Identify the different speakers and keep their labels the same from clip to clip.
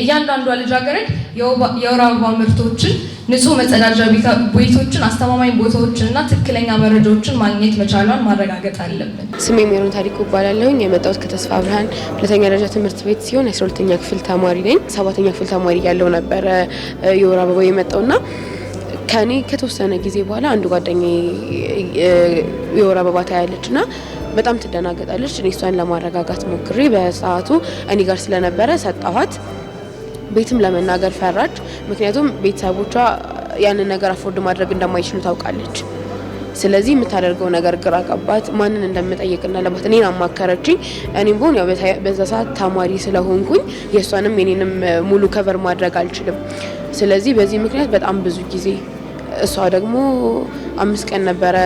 Speaker 1: እያንዳንዷ ልጃገረድ የወር አበባ ምርቶችን፣ ንጹህ መጸዳጃ ቤቶችን፣ አስተማማኝ ቦታዎችን እና ትክክለኛ መረጃዎችን ማግኘት መቻሏን ማረጋገጥ አለብን።
Speaker 2: ስሜ ሜሮን ታሪኩ እባላለሁኝ። የመጣሁት ከተስፋ ብርሃን ሁለተኛ ደረጃ ትምህርት ቤት ሲሆን የአስራ ሁለተኛ ክፍል ተማሪ ነኝ። ሰባተኛ ክፍል ተማሪ ያለው ነበረ የወር አበባ የመጣውና ከኔ ከተወሰነ ጊዜ በኋላ አንዱ ጓደኛ የወር አበባ ታያለች ና በጣም ትደናገጣለች። እኔ እሷን ለማረጋጋት ሞክሬ በሰዓቱ እኔ ጋር ስለነበረ ሰጣኋት። ቤትም ለመናገር ፈራች። ምክንያቱም ቤተሰቦቿ ያንን ነገር አፎርድ ማድረግ እንደማይችሉ ታውቃለች። ስለዚህ የምታደርገው ነገር ግራ ቀባት። ማንን እንደምጠይቅና እንዳለባት እኔን አማከረችኝ። እኔም ቢሆን ያው በዛ ሰዓት ተማሪ ስለሆንኩኝ የእሷንም የኔንም ሙሉ ከቨር ማድረግ አልችልም። ስለዚህ በዚህ ምክንያት በጣም ብዙ ጊዜ እሷ ደግሞ አምስት ቀን ነበረ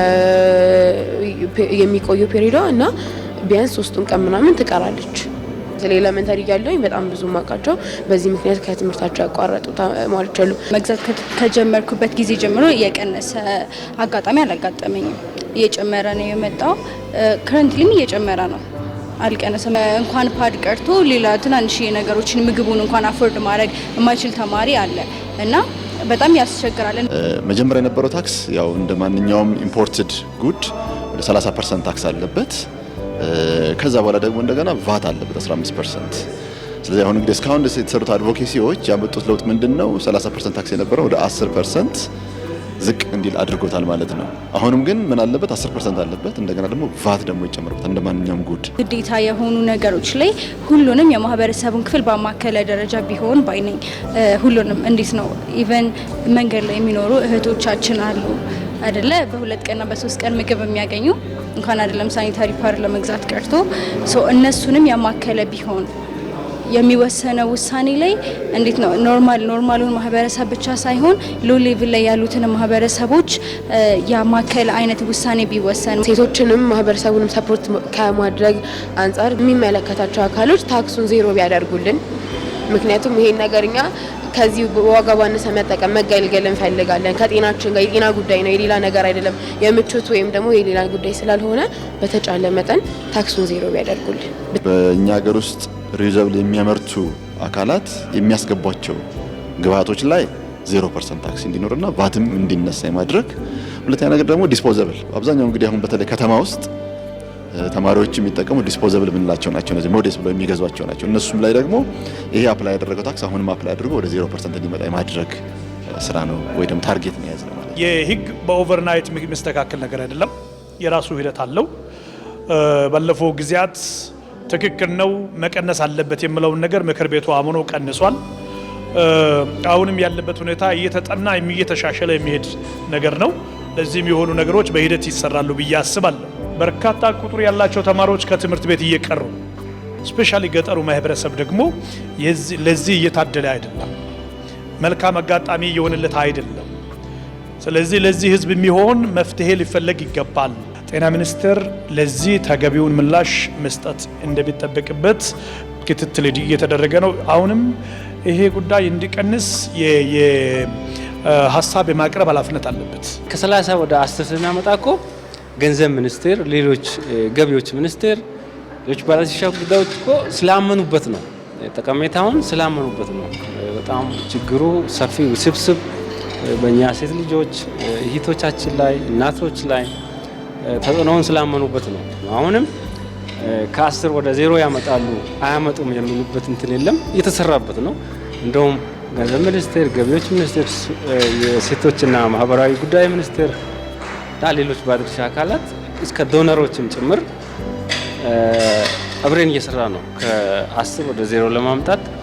Speaker 2: የሚቆየው ፔሪዷ እና ቢያንስ ሶስቱን ቀን ምናምን ትቀራለች በተለይ ኤሌመንተሪ እያለሁኝ በጣም ብዙ ማውቃቸው በዚህ ምክንያት ከትምህርታቸው ያቋረጡ ተማሪዎች አሉ።
Speaker 3: መግዛት ከጀመርኩበት ጊዜ ጀምሮ የቀነሰ አጋጣሚ አላጋጠመኝም። እየጨመረ ነው የመጣው። ከረንትሊም እየጨመረ ነው አልቀነሰም። እንኳን ፓድ ቀርቶ ሌላ ትናንሽ ነገሮችን ምግቡን እንኳን አፎርድ ማድረግ የማይችል ተማሪ አለ እና በጣም ያስቸግራለን።
Speaker 4: መጀመሪያ የነበረው ታክስ ያው እንደ ማንኛውም ኢምፖርትድ ጉድ ወደ 30 ፐርሰንት ታክስ አለበት። ከዛ በኋላ ደግሞ እንደገና ቫት አለበት 15 ፐርሰንት። ስለዚህ አሁን እንግዲህ እስካሁን ድረስ የተሰሩት አድቮኬሲዎች ያመጡት ለውጥ ምንድን ነው? 30 ፐርሰንት ታክስ የነበረው ወደ 10 ፐርሰንት ዝቅ እንዲል አድርጎታል ማለት ነው። አሁንም ግን ምን አለበት 10 ፐርሰንት አለበት። እንደገና ደግሞ ቫት ደግሞ ይጨምርበት እንደ ማንኛውም ጉድ
Speaker 3: ግዴታ የሆኑ ነገሮች ላይ ሁሉንም የማህበረሰቡን ክፍል ባማከለ ደረጃ ቢሆን ባይነኝ ሁሉንም እንዴት ነው ኢቨን መንገድ ላይ የሚኖሩ እህቶቻችን አሉ አይደለ በሁለት ቀንና በሶስት ቀን ምግብ የሚያገኙ እንኳን አይደለም ሳኒታሪ ፓር ለመግዛት ቀርቶ እነሱንም ያማከለ ቢሆን የሚወሰነው ውሳኔ ላይ እንዴት ነው ኖርማል ኖርማሉን ማህበረሰብ ብቻ ሳይሆን ሎ ሌቭል ላይ ያሉትን ማህበረሰቦች ያማከል አይነት ውሳኔ ቢወሰን፣ ሴቶችንም ማህበረሰቡንም ሰፖርት ከማድረግ አንጻር የሚመለከታቸው አካሎች ታክሱን ዜሮ ቢያደርጉልን። ምክንያቱም ይሄን ነገር እኛ ከዚህ ዋጋ ባነሰ መጠቀም መገልገል እንፈልጋለን። ከጤናችን ጋር የጤና ጉዳይ ነው፣ የሌላ ነገር አይደለም። የምቾት ወይም ደግሞ የሌላ ጉዳይ ስላልሆነ በተጫለ መጠን ታክሱን ዜሮ ቢያደርጉልን።
Speaker 4: በእኛ ሀገር ውስጥ ሪዩዘብል የሚያመርቱ አካላት የሚያስገቧቸው ግብአቶች ላይ ዜሮ ፐርሰንት ታክስ እንዲኖርና ቫትም እንዲነሳ የማድረግ ሁለተኛ ነገር ደግሞ ዲስፖዘብል አብዛኛው እንግዲህ አሁን በተለይ ከተማ ውስጥ ተማሪዎች የሚጠቀሙ ዲስፖዘብል የምንላቸው ናቸው። እነዚህ ሞዴስ ብለው የሚገዟቸው ናቸው። እነሱም ላይ ደግሞ ይሄ አፕላይ ያደረገው ታክስ አሁንም አፕላይ አድርጎ ወደ ዜሮ ፐርሰንት እንዲመጣ የማድረግ ስራ ነው ወይ ደግሞ ታርጌት ነው የያዝነው ማለት ነው።
Speaker 5: የህግ በኦቨርናይት የሚስተካከል ነገር አይደለም። የራሱ ሂደት አለው። ባለፈው ጊዜያት ትክክል ነው መቀነስ አለበት የምለውን ነገር ምክር ቤቱ አምኖ ቀንሷል። አሁንም ያለበት ሁኔታ እየተጠና እየተሻሸለ የሚሄድ ነገር ነው። ለዚህም የሆኑ ነገሮች በሂደት ይሰራሉ ብዬ አስባለሁ። በርካታ ቁጥር ያላቸው ተማሪዎች ከትምህርት ቤት እየቀሩ ስፔሻሊ ገጠሩ ማህበረሰብ ደግሞ ለዚህ እየታደለ አይደለም፣ መልካም አጋጣሚ የሆነለት አይደለም። ስለዚህ ለዚህ ህዝብ የሚሆን መፍትሄ ሊፈለግ ይገባል። ጤና ሚኒስቴር ለዚህ ተገቢውን ምላሽ መስጠት እንደሚጠበቅበት ክትትል እየተደረገ ነው። አሁንም ይሄ ጉዳይ እንዲቀንስ ሀሳብ የማቅረብ ኃላፊነት አለበት።
Speaker 6: ከሰላሳ ወደ አስር ስናመጣ እኮ ገንዘብ ሚኒስቴር፣ ሌሎች ገቢዎች ሚኒስቴር፣ ሌሎች ባለድርሻ ጉዳዮች እኮ ስላመኑበት ነው። ጠቀሜታውን ስላመኑበት ነው። በጣም ችግሩ ሰፊ ውስብስብ፣ በእኛ ሴት ልጆች እህቶቻችን ላይ እናቶች ላይ ተጽዕኖውን ስላመኑበት ነው። አሁንም ከአስር ወደ ዜሮ ያመጣሉ አያመጡም የሚሉበት እንትን የለም። እየተሰራበት ነው። እንደውም ገንዘብ ሚኒስቴር፣ ገቢዎች ሚኒስቴር፣ የሴቶችና ማህበራዊ ጉዳይ ሚኒስቴር እና ሌሎች ባለድርሻ አካላት እስከ ዶነሮችም ጭምር አብረን እየሰራ ነው ከአስር ወደ ዜሮ ለማምጣት